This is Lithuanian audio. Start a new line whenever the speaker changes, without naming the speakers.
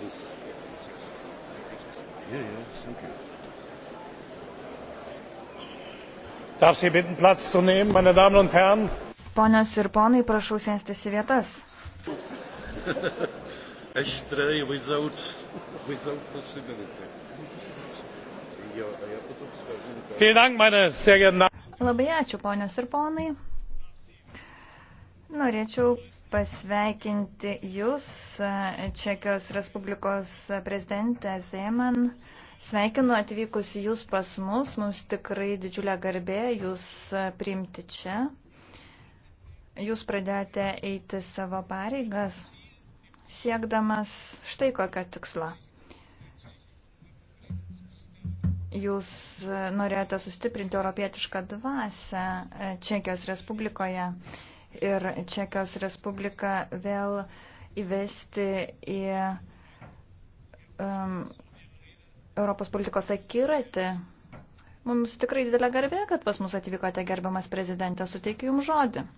this. Yeah, yeah, thank you.
Darf Sie bitten, Platz zu nehmen, meine Damen und Herren?
Ponios ir ponai, prašau sėstis į vietas.
Eštrei without,
without possibility.
Vielen Dank, meine sehr geehrten Damen. Labai ačiū,
ponios ir ponai. Norėčiau pasveikinti Jūs, Čekijos Respublikos prezidentė Zeman. Sveikinu atvykus Jūs pas mus, mums tikrai didžiulė garbė Jūs priimti čia. Jūs pradėjote eiti savo pareigas, siekdamas štai kokią tikslą. Jūs norėjote sustiprinti europietišką dvasę Čekijos Respublikoje ir Čekijos Respubliką vėl įvesti į um, Europos politikos akiratį. Mums tikrai didelė garbė, kad pas mus atvykote gerbiamas prezidentė, suteikiu Jums žodį.